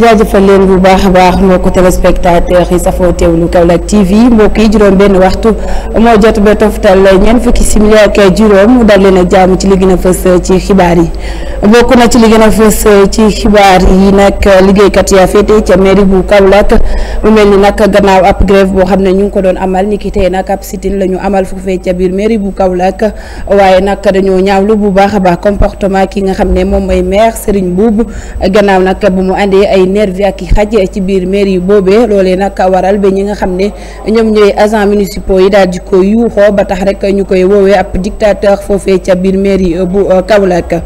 jaajëfal leen bu baax a baax mbokku téléspectateur yi safoo teewlu Kaolack TV mbokk yi juróom benn waxtu moo jot ba toftal ñeent fukki simili ak juróom dal leen ak jàmm ci li gën a fës ci xibaar yi bokk na ci li gën a fës ci xibaar yi nag liggéeykat yaa féete ca mairie bu Kaolack mu mel ni nag gannaaw ab grève boo xam ne ñu ngi ko doon amal ni ki tey nag ab sitin la ñu amal foofee ca biir mairie bu Kaolack waaye nag dañoo ñaawlu bu baax a baax comportement ki nga xam ne moom mooy maire Serigne Boubou gannaaw nag bu mu àndee ay nervi ak i xaj ci biir mairie boobee loolee nag waral ba ñi nga xam ne ñoom ñooy agents municipaux yi daal di ko yuuxoo ba tax rek ñu koy woowee ab dictateur foofee ca biir mairie euh, bu euh, Kaolack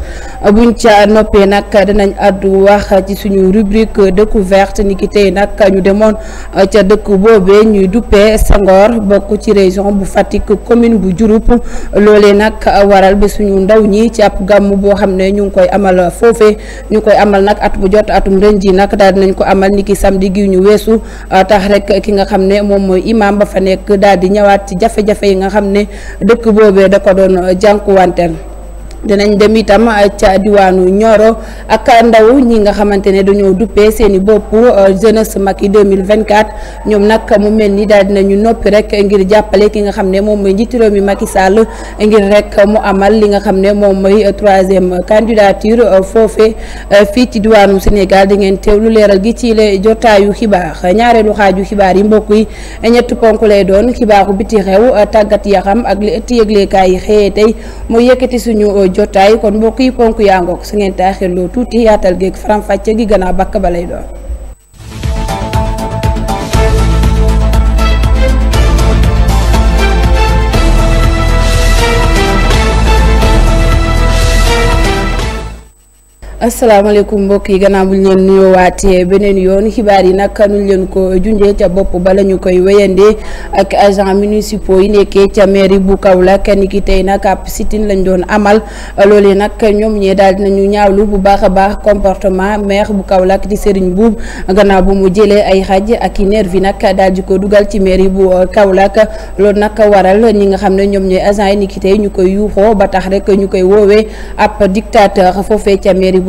buñ ca noppee nag danañ àddu wax ci suñu rubrique découverte ni ki tey nag ñu demoon. Euh, ca dëkk boobe ñuy duppee Sangor bokk ci région bu Fatick commune bu Diouroup loolee nag waral bi suñu ndaw ñi ci ab gàmm boo xam ne ñu ngi koy amal foofee ñu koy amal nag at bu jot atum ren ji nag daal nañ ko amal niki samedi gi ñu weesu euh, tax rek ki nga xam ne moom mooy imam ba fa nekk daal di ñëwaat ci jafe-jafe yi nga xam ne dëkk boobee da ko doon jànkuwanteel dinañ dem itam euh, ca diwaanu Nioro ak ndaw ñi nga xamante ne dañoo duppee seen i bopp euh, jeunesse Macky 2024 ñoom nag mu mel ni daal dinañu noppi rek ngir jàppale ki nga xam ne moom mooy njiitu réew mi Macky Sall ngir rek mu amal li nga xam ne moom mooy euh, troisième candidature foofe fii ci diwaanu Sénégal di ngeen teewlu leeral gi ci le jotaayu xibaar ñaareelu xaaju xibaar yi mbokk yi ñetti ponk lay doon xibaaru biti xew tàggat yaram ak li ëtt yëgleekaay yi xëyee tey mooy yëkkati suñu jotaay kon mbokk yi ponk yaa ngoog su ngeen taaxirloo tuuti yaatal géeg faram-fàcce gi gannaaw bakk ba lay doon asalaamaaleykum mbokk yi gannaaw bu ñu leen nuyoowaatee beneen yoon xibaar yi nag nuñ leen ko junjee ca bopp ba la ñu koy wéyandee ak agent municipaux yi nekkee ca mairie bu Kaolack ni ki tey nag ab sitin lañ doon amal loolee nag ñoom ñee daal dinañu ñaawlu bu baax a baax comportement maire bu Kaolack di Serigne Boub gannaaw bu mu jëlee ay xaj ak i yi nag daal di ko dugal ci mairie bu euh, Kaolack loolu nag waral ñi nga xam ne ñoom ñooy agent yi ni ki tey ñu koy yuuxoo ba tax rek ñu koy woowee ab dictateur foofee ca mairie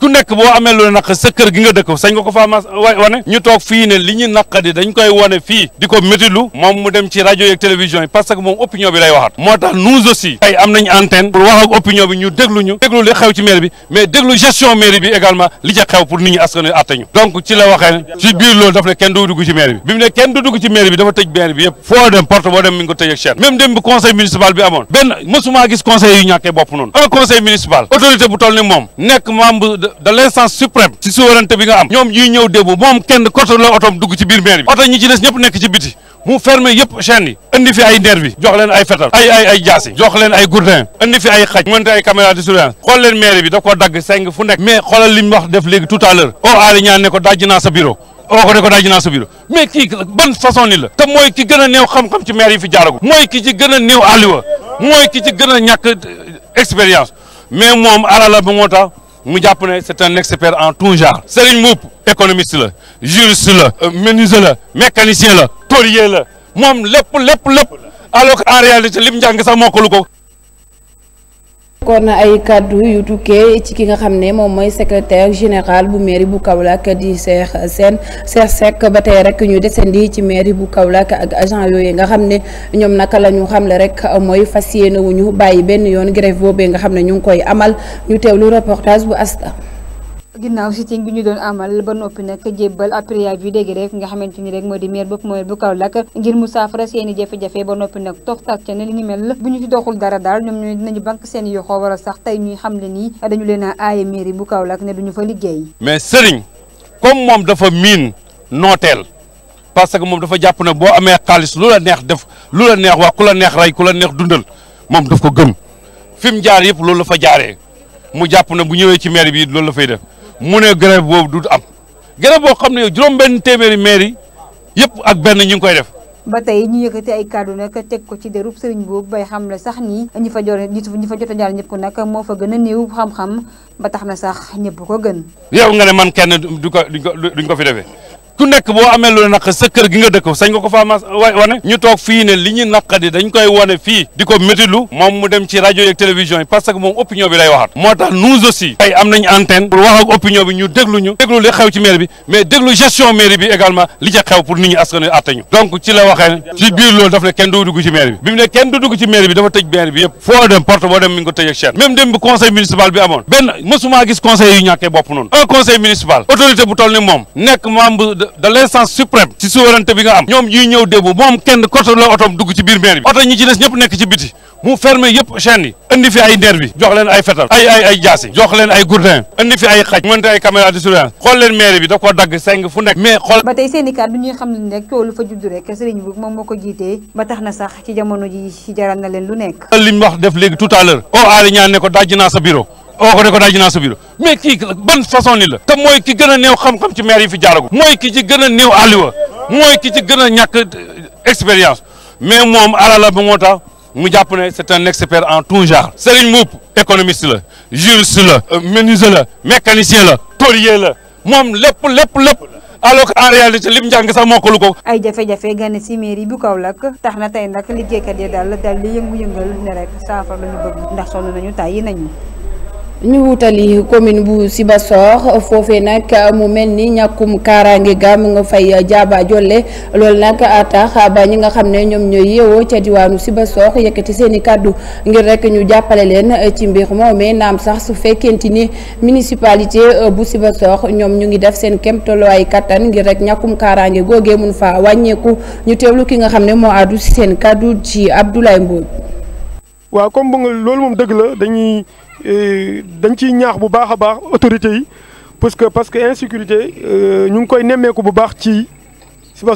ku nekk boo amee lu naq sa gi nga dëkk sañ ko faa wane ñu toog fii ne li ñu naqadi dañ koy wane fii di ko métitlu moom mu dem ci rajo yeeg télévision yi parce que moom opinion bi lay waxat moo tax nous aussi tey am nañ antenne pour wax opinion bi ñu déglu ñu déglu li xew ci mairie bi mais déglu gestion mairie bi également li ca xew pour nit ñi askan wi àtte ñu ci la waxee ci biir loolu daf ne kenn dugg ci mairie bi dafa de l' instance suprême ci souveraineté bi nga am ñoom ñuy ñëw démb moom kenn côté la otoom dugg ci biir maire bi oto ñi ci des ñëpp nekk ci biti mu fermé yëpp chaîne yi indi fi ay nervi jox leen ay fetal ay jaasi jox leen ay gourdin indi fi ay xaj mënte ay caméra de surveillance xool leen maire bi da koo dagg seng fu nekk mais xoolal li wax def léegi tout à l'heure oo aali ñaan ne ko naa sa bureau oo ko ne ko naa sa bureau mais kii ban façon ni la mu c'est un expert en tout genre Serigne Mboup économiste là, juriste là, euh, menuisier là, mécanicien la tôlier la moom lépp lépp lépp alors que en réalité lim njàng sax mokkalu kon ay kàddu yu tukkee ci ki nga xam ne moom mooy secretaire général bu mairie bu Kaolack di Cheikh Sène Cheikh Seck ba tey rek ñu desandi ci mairie bu Kaolack ak agent yooyu nga xam ne ñoom naka la xam xamle rek mooy fas yéene wu ñu bàyyi benn yoon grève boobee nga xam ne ñu ngi koy amal ñu teew teewlu reportage bu asta ginnaaw sitting bi ñu doon amal ba noppi nag jébbal ab préavis de grève nga xamante ni rek moo di maire bopp mooy bu Kaolack ngir mu saafara seeni jafe-jafe ba noppi nag tox tax ca ne li ni mel bu ñu ci doxul dara daal ñoom ñooy dinañu bank seen yoxoo wala sax tey ñuy xam le nii dañu leen a aaye mairie bu Kaolack ne duñu fa liggéey mais sëriñ comme moom dafa miin nooteel parce que moom dafa jàpp na boo amee xaalis lu la neex def lu la neex wax ku la neex rey ku la neex dundal moom daf ko gëm fi mu jaar yëpp loolu la fa jaaree mu jàpp ne bu ñëwee ci maire bi loolu la fay def mu ne grève boobu du am grève boo xam ne yow juróom-benn téeméeri mairie yëpp ak benn ñu ngi koy def. ba tey ñu yëkkati ay kàddu nag teg ko ci derub sëriñ boobu bay xam la sax ni ñi fa jor ñi fa jot a jàll ñëpp ko nag moo fa gën a néew xam-xam ba tax na sax ñëpp ko gën. yow nga ne man kenn du ko duñ ko fi defee ku nekk boo amee lu naq sa kër gi nga dëkk sañ ko faa mas wane ñu toog fii ne li ñu naqadi dañ koy wane fii di ko métilu moom mu dem ci rajo yeeg télévision yi parce que moom opinion bi lay waxat moo tax nous aussi am nañu antenne pour wax opinion bi ñu déglu ñu déglu li xew ci mairie bi mais déglu gestion mairie bi également li ca xew pour nit ñi askan wi àtte ñu donc ci la waxee ci biir loolu daf ne kenn dugg ci mairie bi de l'instance suprême ci souveraineté bi nga am ñoom ñuy ñëw démb moom kenn côté la otom dugg ci biir maire bi oto ñi ci des ñëpp nekk ci biti mu fermé yëpp chaîne ay nervi jox leen ay fetal ay jaasi jox leen ay gourdin indi fi ay xaj mënte ay caméra de xool leen maire bi da koo dagg seng fu nekk mais xool ba tey syndicat du ñuy xam ne rek coow lu fa judd rek sëriñ moom moo ko jiitee ba tax na sax ci jamono ji jaral na leen lu nekk liñ wax oo ko ne ko daal dinaa sa bureau mais kii ban façon ni la te mooy ki gën a néew xam-xam ci maire yi fi jaaragu mooy ki ci gën a néew àlliwa mooy ki ci gën a ñàkk euh, expérience mais moom alala ba moo tax mu jàpp ne c'est un expert en tout genre Serigne Mboup économiste la juriste la euh, menuisier la mécanicien la tôlier la moom lépp lépp lépp alors qu'en réalité lim njàng sax mokkalu ko. ay jafe-jafe gane si mairie bu Kaolack tax na tey nag liggéeykat yi daal daal di yëngu-yëngal ne rek saafara la ñu bëgg ndax sonn nañu tàyyi nañu. ñu wutali commune bu Sibassor foofee nag mu mel ni ñàkkum kaaraange ga mu nga fay jaabaa jolle loolu nag tax ba ñi nga xam ne ñoom ñooy yeewoo ca diwaanu Sibassor ci seen i kàddu ngir rek ñu jàppale leen ci mbir moomee naam sax su fekkenti ni municipalité bu Sibassor ñoom ñu ngi def seen kem tolluwaay kattan ngir rek ñàkkum kaaraange googee mun fa wàññeeku ñu teewlu ki nga xam ne moo àddu si seen kàddu ci Abdoulaye Mbodj waaw comme bu nga loolu moom dëgg la dañuy euh, dañ ciy ñaax bu baax a baax autorités yi parce que parce que insécurité euh, ñu ngi koy nemmeeku bu baax ci C'est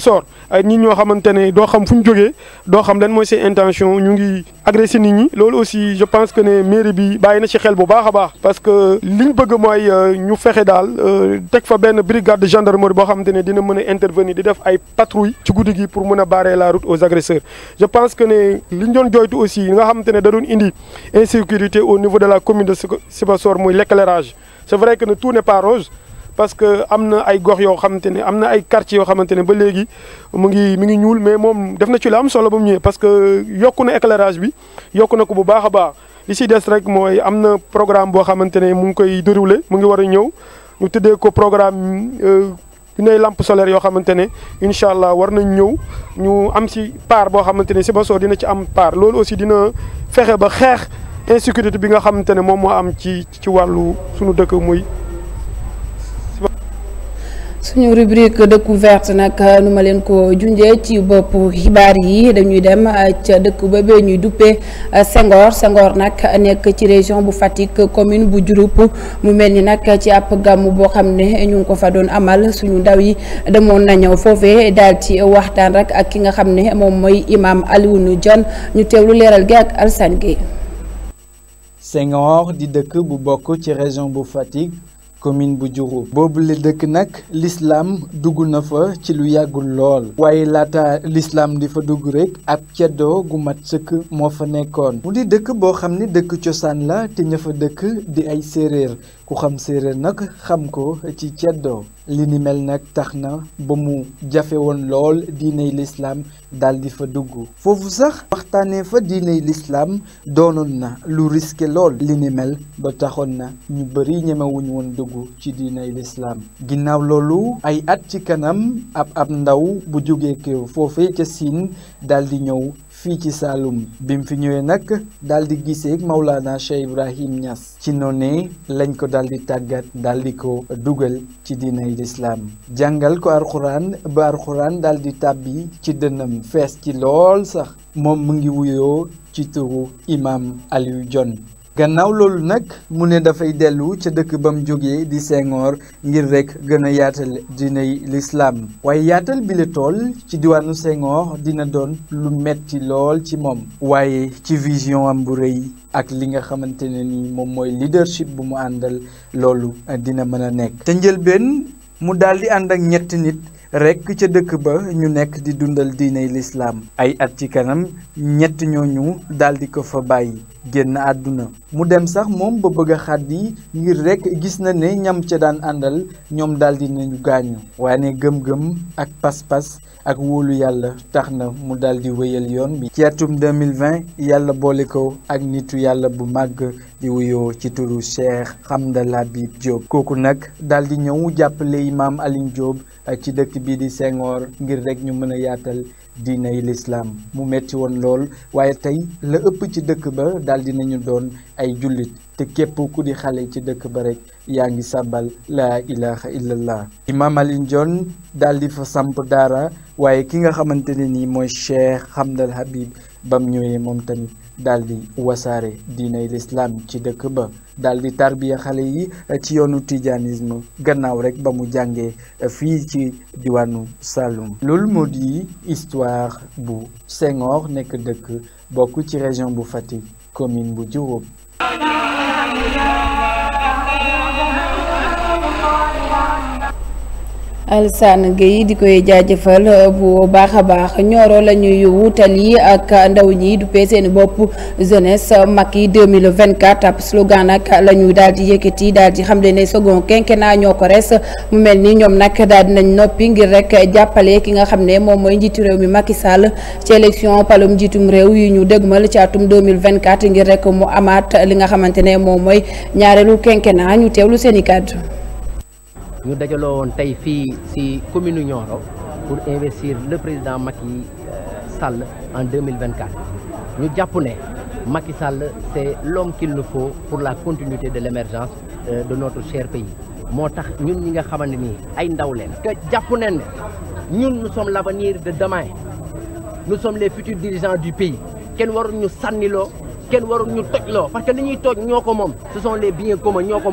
ay nit ñoo xamante ne doo xam fu ñu jógee doo xam lan mooy seen intention ñu ngi agressé nit ñi loolu aussi je pense que ne mairie bi bàyyi na ci xel bu baax baax parce que liñ bëgg mooy euh, ñu fexe daal euh, teg fa brigade de gendarmerie boo xamante dina intervenir di def ay patrouille ci guddi gi pour mon barrer la route aux agresseurs je pense que ne liñ doon joytu aussi nga xamante ne da doon indi insécurité au niveau de la commune de Sibassor mooy l'éclairage c'est vrai que tout n'est pas rose parce que am na ay gox yoo xamante ne am na ay quartiers yoo xamante ne ba léegi mu ngi mi ngi ñuul mais moom def na ci lu am solo ba mu ñëwee parce que yokku na éclairage bi yokku na ko bu baax a baax li si des rek mooy am na programme boo xamante ne mu ngi koy déroulé mu ngi war a ñëw ñu tëddee ko programme yu euh, nay lampe solaire yoo xamante ne incha allah war nañ ñëw ñu am si part boo xamante ne si ba soo dina ci am part loolu aussi dina fexe ba xeex insécurité bi nga xamante ne moom moo am ci ci wàllu suñu dëkk muy suñu rubrique verte nag euh, nu ma leen ko junjee ci bopp xibaar yi dañuy dem euh, ca dëkk boobee ñuy duppee euh, Senghor Senghor nag nekk ci région bu Fatick commune bu Diouroup mu mel ni nag ci ab gàmm boo xam ne ñu ngi ko fa doon amal suñu ndaw yi demoon na ñëw foofee daal ci waxtaan rek ak ki nga xam ne moom mooy imam Alioune jon ñu teewlu leeral gi ak Alsane Gueye. Senghor di dëkk bu bokk ci région bu Fatick. commune bu boobu la dëkk nag lislaam dugg na fa ci lu yàggul lool waaye laata l'islam di fa dugg rek ab ceddoo gu mat sëkk moo fa nekkoon mu di dëkk boo xam ne dëkk cosaan la te ña fa dëkk di ay séeréer ku xam séeréer nag xam ko ci ceddoo li mel nag tax na ba mu jafe woon lool diiney lislaam daal di fa dugg foofu sax waxtaanee fa diiney lislaam doonoon na lu risqué lool li mel ba taxoon na ñu bëri ñemewuñ woon dugg ci diiney lislaam ginnaaw loolu ay at ci kanam ab ab ndaw bu jógee ko foofee ca Siin daal ñëw fii ci Saloum bi mu fi ñëwee nag daal di gisee Maulana Cheikh Ibrahim Niass ci noonee lañ ko daal di tàggat daal ko dugal ci diinay lislaam jàngal ko arxuraan ba arxuraan daal di tàbbi ci dënnam fees ci lool sax moom mu ngi wuyoo ci turu imam Aliou Dione gannaaw loolu nak mu ne dafay dellu ca dëkk ba mu di Senghor ngir rek gëna yaatal dinay l'islam waaye yaatal bi le tool ci diwanu Senghor dina don lu metti lool ci mom waye ci vision am bu rëy ak li nga xamantene ni mom moy leadership bu mu andal loolu dina mëna nek te te ben mu daldi and ak ñett nit rek ci dekk ba ñu nek di dundal diiney l'islam ay at ci kanam ñett ñoñu daldi ko fa bayyi génn àdduna mu dem sax moom ba bëgg a xàddi ngir rekk gis na ne ñam ca daan àndal ñoom daal di nañu gaañu waaye ne gëm-gëm ak pas-pas ak wóolu yàlla tax na mu daal di wéyal yoon bi ci atum 2020 yàlla boole ko ak nitu yàlla bu màgg di wuyoo ci turu Cheikh Hamda Labib Diop kooku nag daal di ñëw jàppale imaam Alioune Diop eh, ci dëkk bii di Senghor ngir rekk ñu mën a yaatal diiney lislaam mu metti woon lool waaye tey la ëpp ci dëkk ba daldi nañu doon ay jullit te képp ku di xale ci dëkk ba rek yaa ngi sàbbal ilaha illallah Imam Alioune Dione daal di fa samp daara waaye ki nga xamante ne nii mooy cheikh Hamdal Habib bam ñëwee moom tamit daal di wasaare diinay lislaam ci dëkk ba daal di tarbiya xale yi ci yoonu tijanisme gannaaw rek ba mu jàngee fii ci diwaanu Saloum loolu moo di histoire bu sengor nekk dëkk bokk ci région bu fatik commune bu Diouroup Yeah. alsan geyi di koy jaajëfal euh, bu baax a baax ñooro lañu wutal yi ak ndaw ñi du pee seeni bopp jeunesse mag yi 2024 ap slogan nak la ñu daal di yëkkati daal di xam le ne second quinquennat ñoo ko res mu mel ni ñoom nag di nañ noppi ngir rek jàppale ki nga xam ne moom mooy rew réew mi Macky Sall ci élection palum njiitum réew yi ñu deggmal ci atum 2024 ngir rek mu amaat li nga xamante ne moy mooy ñaareelu ñu tewlu seen i Nous sommes woon commune pour investir le président Macky euh, Sall en 2024 Nous, japonais, Maki Macky Sall c'est l'homme qu'il nous faut pour la continuité de l'émergence euh, de notre cher pays Nous ñun ñi nga que nous sommes l'avenir de demain nous sommes les futurs dirigeants du pays kenn waru ñu lo, kenn waru ñu toj parce que nous ñuy toj nous ko ce sont les biens communs ko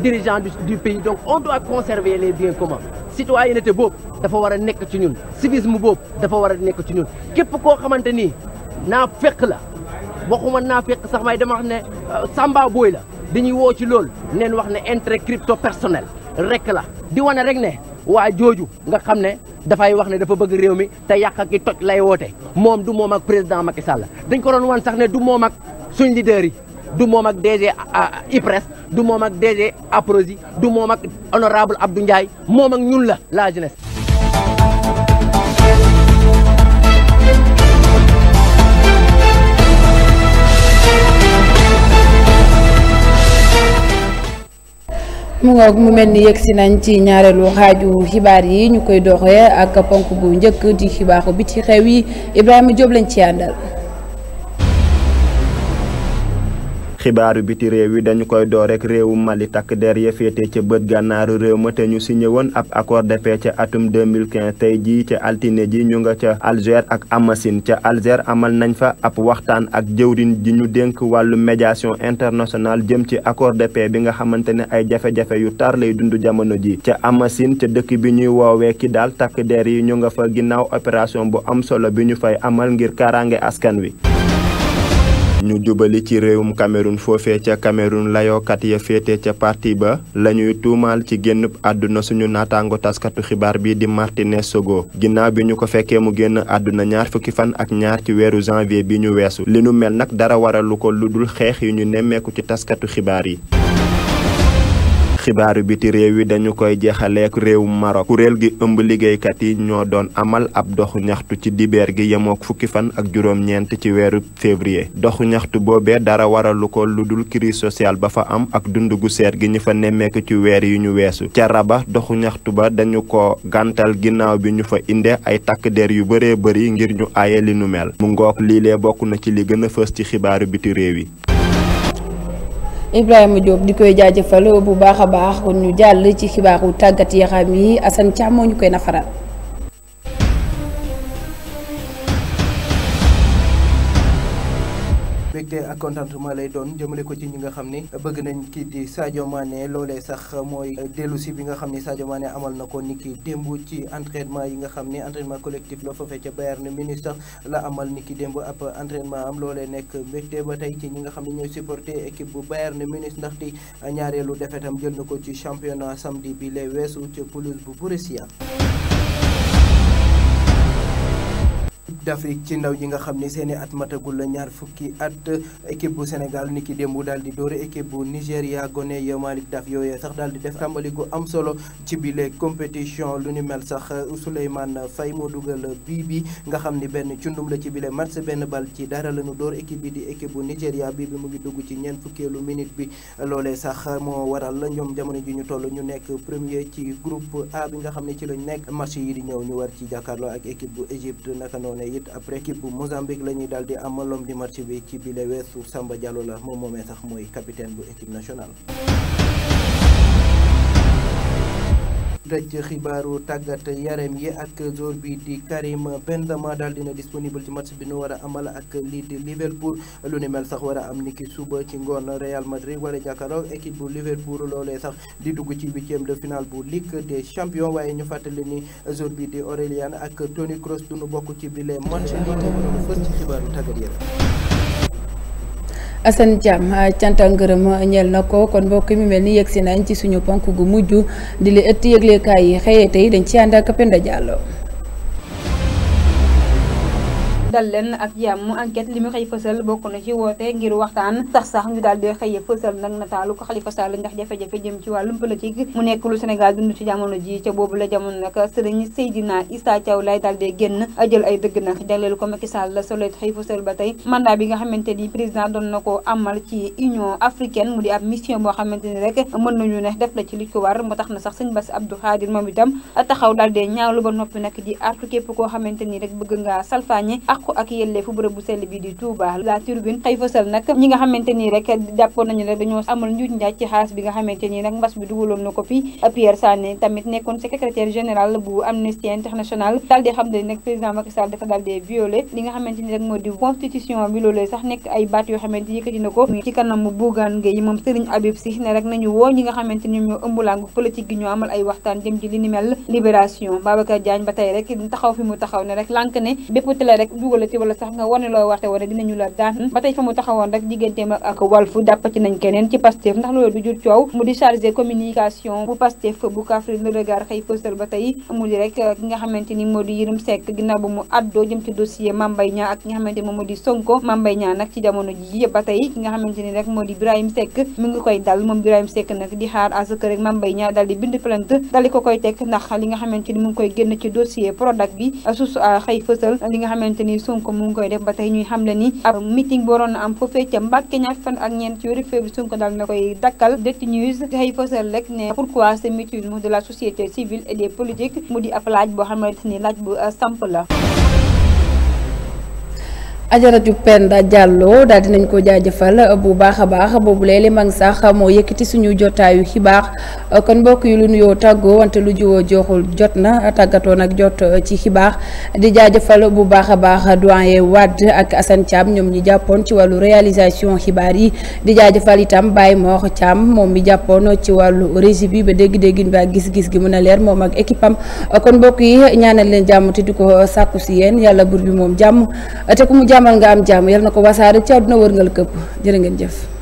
dirigeants du, du pays donc on doit conserver les biens communs citoyenneté boobu dafa war a nekk ci ñun civisme boobu dafa war a nekk ci ñun képp ko xamanteni ni fekk la waxuma na fekk sax may dama wax ne euh, samba boy la dañuy wo ci lool, neen wax ne intérêt crypto personnel rek la di wone rek ne wa joju nga xam ne fay wax ne dafa bëgg réew mi te yàq ak i toj lay woté. Mom du mom ak président Macky Sall dañ ko don wan sax ne du mom ak suñ leader yi du moom ak DG IPRES du moom ak DG APROSI du moom ak honorable Abdou Ndiaye moom ñun la la jeunesse. mu ngoog mu mel ni yegsi nañ ci ñaareelu xaaju xibaar yi ñu koy doxee ak ponk bu njëkk di xibaaru bi ci xew yi Ibrahima Diop lañ ci àndal. xibaaru biti réew yi dañu koy door rek réewu Mali takk der ya féete ca bët gànnaaru réew ma ñu signé woon ab accord de paix ca atum 2015 tey jii ca altine ji ñu nga ca Alger ak Amassine ca Alger amal nañ fa ab waxtaan ak jëwriñ ji ñu dénk wàllu médiation internationale jëm ci accord de bi nga xamante ne ay jafe-jafe yu tar lay dund jamono ji ca Amassine ca dëkk bi ñuy woowee ki daal takk der yi ñu nga fa ginnaaw opération bu am solo bi ñu fay amal ngir kaaraange askan wi ñu jubali ci réewum Cameroun foofee ca Cameroun layookat ya féete ca partie ba lañuy tuumaal ci génn àdduna suñu naataango taskatu xibaar bi di Martinez Sogo ginnaaw bi ñu ko fekkee mu génn àdduna ñaar fukki fan ak ñaar ci weeru janvier bi ñu weesu li nu mel nag dara waralu ko lu dul xeex yi ñu nemmeeku ci taskatu xibaar yi xibaaru biti réew yi dañu koy jeexaleek réew Maroc kuréel gi ëmb liggéeykat yi ñoo doon amal ab doxu ñaxtu ci dibeer gi yemook fukki fan ak juróom-ñeent ci weeru février doxu ñaxtu boobee dara waralu ko lu dul crise sociale ba fa am ak dund gu seer gi ñu fa nemmeeku ci weer yu ñu weesu ca Rabat doxu ñaxtu ba dañu ko gàntal ginnaaw bi ñu fa inde ay takk der yu bëree bëri ngir ñu aaye li nu mel mu bokk na ci li gën a fës ci xibaaru biti réew yi Ibrahima Diop di koy jaajëfal bu baax a baax kon ñu jàll ci xibaaru tàggat yaram yi Assane Thiam moo ñu koy nafaral. mbégte ak contentement lay doon jëmale ko ci ñi nga xam ni bëgg nañ kii di Sadio Mané loolee sax mooy dellu si bi nga xam ni Sadio Mané amal na ko ni ki démb ci entraînement yi nga xam ni entraînement collectif la foofee ca Bayern Munich sax la amal ni ki démb ab entraînement am loole nekk mbégte ba tey ci ñi nga xam ne ñooy supporter équipe bu Bayern Munich ndaxte ñaareelu defetam jël na ko ci championnat samedi bi lay weesu ca bu Borussia Coupe d'Afrique ci ndaw yi nga xam ne seen i at matagul la ñaar fukki at équipe bu Sénégal ni ki démb daal di dóore équipe bu Nigéria gone ya Malick Daf yooye sax daal di def tàmbali gu am solo ci bile compétition lu ni mel sax fay Faye moo dugal bii bi nga xam ni benn cundum la ci bile match benn bal ci dara la ñu dóor équipe bi di équipe bu Nigéria bii bi mu ngi dugg ci ñeent fukkeelu minute bi loole sax moo waral ñoom jamono ji ñu toll ñu nekk premier ci groupe A bi xam ne ci lañ nekk match yi di ñëw ñu ci jàkkaarloo ak équipe bu Égypte naka noonu ne it après équipe bu Mozambique la ñuy daal di amalom di match bi ci bile weesu Samba Diallo la moom moomee sax mooy capitaine bu équipe nationale. tëj xibaaru tàggat yaram yi ak joor bi di Karim Benzema daal dina disponible ci match bi nu war a amal ak lii di Liverpool lu ni mel sax war a am ni ki suba ci ngoon Real Madrid war a jàkkaarloo équipe bu Liverpool loolee sax di dugg ci huitième de finale bu Ligue des champion waaye ñu fàttali ni joor bi di Aurélien ak Toni Kroos du nu bokk ci bile match lii di fës ci xibaaru tàggat yaram. Assane Diam ah, cant ak ngërëm ah, ñeel na ko kon mbokki mi mel ni yegsi nañ ci suñu ponk gu mujj di li ëtt yëglekaay yi xëyee tey dañ ci ànd ak Penda Diallo dal leen ak jàmm enquête li mu xëy fësal bokk na ci woote ngir waxtaan sax sax ñu daal di xëy fësal nag nataalu ko Xalifa Sall ndax jafe-jafe jëm ca boobu la jamono nag sëriñ jël ay dëgg nag jagleel ko Macky Sall solo xëy fësal ba tey mandat bi nga xamante ni président doon ko amal ci Union africaine mu di ab mission boo xamante ni rek mën nañu ne def la ci li ko war moo tax na sax sëñ Bass Abdou Khadir moom itam taxaw daal di ñaawlu ba àqu ak yelleefu bërëb bu sell bi di Touba la turbine xëy fësal nag ñi nga xamante nii rek jàppoon nañu rek dañoo amul njuuj njaaj ci xaalis bi nga xamante nii nag mbas bi dugaloon na ko fi Pierre Sané tamit nekkoon secrétaire général bu Amnesty International daal xam ne rek moo di constitution bi loolee sax nekk ay baat yoo xamante yëkkati na ko ci kanamu Bougane Gueye moom Serigne Habib Sy ne rek nañu woo ñi nga xamante ni ñoo ëmb wala wala sax nga woné lo waxé wala dinañu la daan ba tey fa mu taxawoon rek ak Walfu dapp ci nañ kenen ci Pastef ndax loolu du jur ciow mu di charger communication bu Pastef bu kafri le regard xey poster ba tey mu rek ki nga xamanteni modi moo di Yérim bu mu addo jëm ci dossier mambay Mbaye ak nga xamanteni ni moom Sonko mambay Mbaye nak ci jamono ji yëpp ba tey ki nga xamanteni rek modi ibrahim Birahim mi ngi koy dal mom ibrahim Seck nak di xaar à rek mambay Mbaye dal di bind plainte dal di ko koy tek ndax li nga xamanteni mu ngi koy genn ci dossier product bi suus xey fësal li nga xamanteni ni Sonko mu ngi koy def ba tey ñuy xamle ni ab meeting booroon na am foofee ca Mbàkke ñaar fan ak ñeent ci weeru février Sonko daal na koy dakkal direct news xëy fësal rek ne pourquoi ce mutisme de la société civile et des politiques mu di ab laaj boo xamante ni laaj bu euh, samp la ajaratu Penda Diallo daal dinañ ko jaajëfal bu baax a baax boobu léeg-léeg mag sax moo yëkkati suñu jotaayu xibaar kon mbokk yi lu nuyoo tàggoo lu jiwoo joxul jot na tàggatoo nag jot ci xibaar di jaajëfal bu baax a baax doyen Wade ak Assane ñoom ñi jàppoon ci wàllu réalisation xibaar yi di jaajëfal itam Baye Mor Thiam moom mi jàppoon ci wàllu régie bi ba dégg-déggin ba gis-gis gi mën a leer moom ak équipe am mbokk yi ñaanal leen jàmm te di ko sàkku si yéen yàlla bur bi moom jàmm te ku mu jàmm man nga am jàmm yal na ko wasaare ci war wërngal këpp jërë ngen jëf